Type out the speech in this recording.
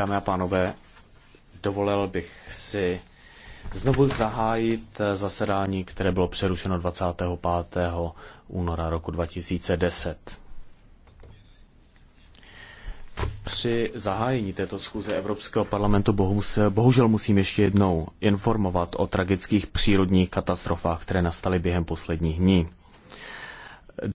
Dámy a pánové, dovolil bych si znovu zahájit zasedání, které bylo přerušeno 25. února roku 2010. Při zahájení této schůze Evropského parlamentu bohužel musím ještě jednou informovat o tragických přírodních katastrofách, které nastaly během posledních dní.